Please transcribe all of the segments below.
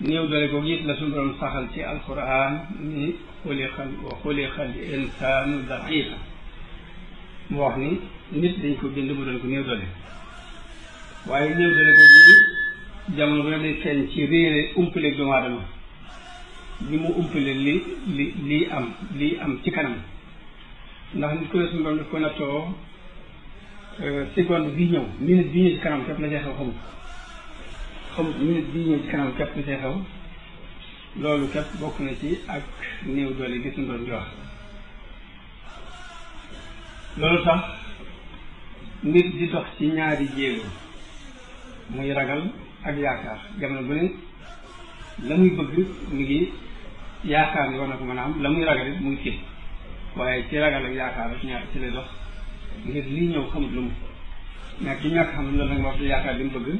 نيودريغوغيت لسندر مصحل في القرآن خلق وخلق الإنسان ضعيفا موحني نتبين كو جند مدرق نيودريغ وعي نيودريغوغيت جامل غير نسان تيرير أمبل الجمارم نمو أمبل لي لي لي أم لي أم تكنم نحن نقول سندر مصحل في القرآن آه، سيكون بيجيو مينت بيجيو تكنم كيف نجاح الخمس comme minute bii ñëw kanam képp li loolu képp bokk na ci ak néew doole gis nga doon di wax loolu tax mbir di dox ci ñaari jéego muy ragal ak yaakaar jamono bu ne la muy bëgg mu ngi yaakaar ni war na ko mën a am la muy ragal it mu ngi waaye ci ragal ak yaakaar rek ñaar ci lay dox ngir lii ñëw xamut lu mu nekk ci ñàkk xam loolu nag wax yaakaar li mu bëgg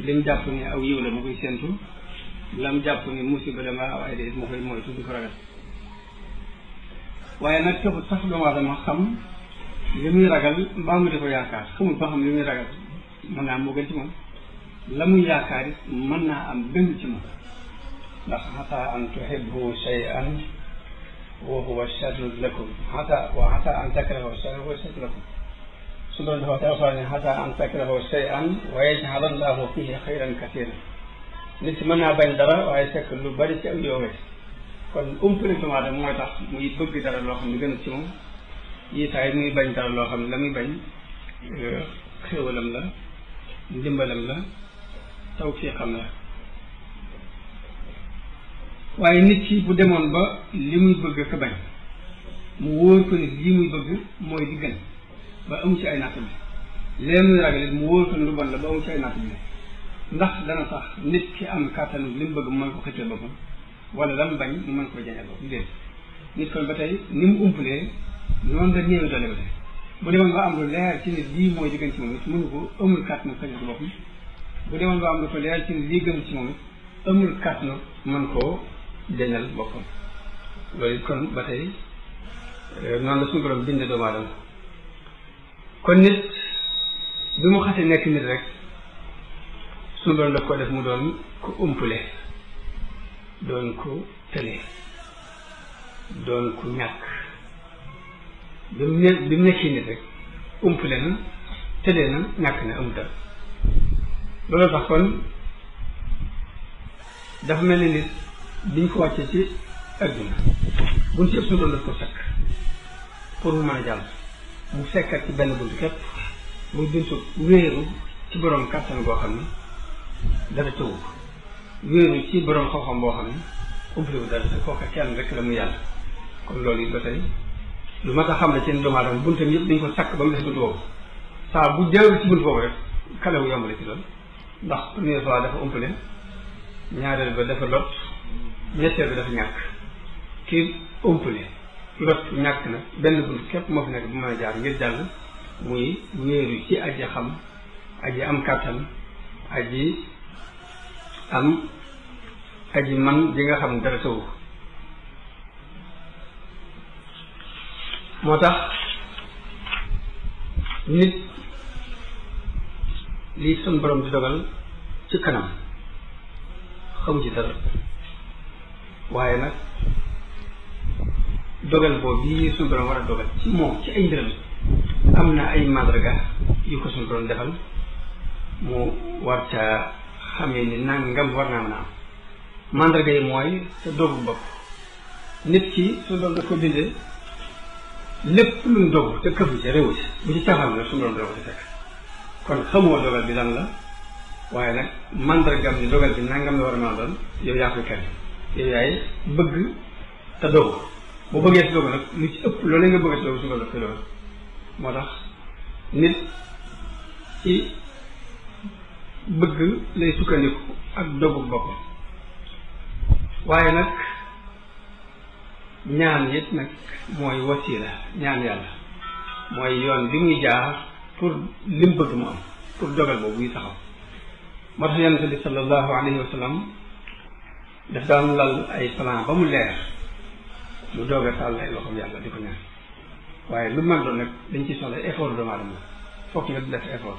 lim jàpp ni aw yiw la mu koy séntu lam jàpp ni musiba la ma waaye de mu koy moytu di ko ragal waaye nag taxut sax doomu aadama xam li muy ragal mbaa mu di ko yaakaar xamul ba xam li muy ragal mën naa moo gën ci moom la muy yaakaar it mën naa am bénn ci moom ndax xataa an tuhibbu shay'an wa huwa sharrun lakum xataa wa xataa an takrahu shay'an wa sharrun lakum ثم انه توفر حتى ان تكره شيئا ويجعل الله فيه خيرا كثيرا نتمنى بين درا وعيسى كل بارك او يوم كون ام في السماء ده موي تخ موي بوجي درا لو خامي غن سي موم يساي موي بان درا لو خامي لامي بان خيولم لا ديمبالم لا توفيقم لا waaye nit ki bu demoon ba li muy bëgg ka bañ mu wóor ko ni lii muy bëgg mooy di gën ba amu ci ay natt bi leen ragal it mu wóor lu bon la ba amu ci ay natt bi ndax dana tax nit ki am kàttanu li mu bëgg mu mën ko xëccal boppam wala lam bañ mu mën ko jañal boppam ba tey ni mu umpalee ba tey bu demoon ba am lu leer ci nit lii mooy diggante ci moom it mënu ko amul kàttanu xëccal ko boppam bu demoon ba am lu ko leer ci nit lii gën ci moom it amul kàttanu mën koo jañal boppam loolu kon ba tey eh, noonu la suñu borom bindee doomu aadama kon nit bi mu xasee nekk nit rek suñu doon daf ko def mu doon ku umpule doon ku tële doon ku ñàkk bi mu ne nit rek umpule na tële na ñàkk na amutal loolu tax kon dafa mel ni nit biñ ko wàccee ci adduna buñ ci ëpp suñu doon daf ko sakk pour mu mën a jàll mu fekkat ci benn bunt képp muy buntu wéeru ci boroom kàttan goo xam ne dara tëwu wéeru ci boroom xam-xam boo xam ne umpliwu dara te kooka kenn rek la mu yàlla yi tey lu ma ko xam ne seen doomu aadama buntam yëpp dañ ko sàkk ba mu des buntu boobu saa bu jaarul ci buntu boobu rek kalewu yomb la ci loolu ndax première fois dafa umpale ñaareel ba dafa lot ñetteel ba dafa ñàkk kii umpale lot ñàkk na benn bunt képp moo fi nekk bu mën a jaar ngir jàll muy wéeru ci yi xam aji am kàttan yi am aji man ji nga xam dara tawu moo tax nit lii sun borom di dogal ci kanam xamu ci dara waaye nag dogal boobu yi suñu borom war a dogal ci moom ci ay mbiram am na ay màndarga yu ko suñu borom defal mu war ca xamee ni nangam war naa mën a am màndarga yi mooy sa bu bopp nit ki suñu borom daf ko bindee lépp lu mu te këfu ci réew ci bu ci caaxaan la suñu borom dogu ci fekk kon xamoo dogal bi lan la waaye nag màndargam ni dogal bi nangam la war a mën a doon yow yaa koy kenn yow yaay bëgg te dogu boo bëggee si loolu nag lu ci ëpp loolu nga bëgg si loolu suba la si loolu moo tax waaye nag ñaan it nag mooy wasiila ñaan yàlla mooy yoon bi muy jaar pour lim bëgg mu pour dogal boobu muy taxaw moo tax yonente bi sallallahu alayhi wa daf daan lal ay plan ba mu leer mu doog a tàll ay loxoom yàlla di ko ñaan waaye lu man doon nag dañ ci soxla effort doomu aadama foog nga def effort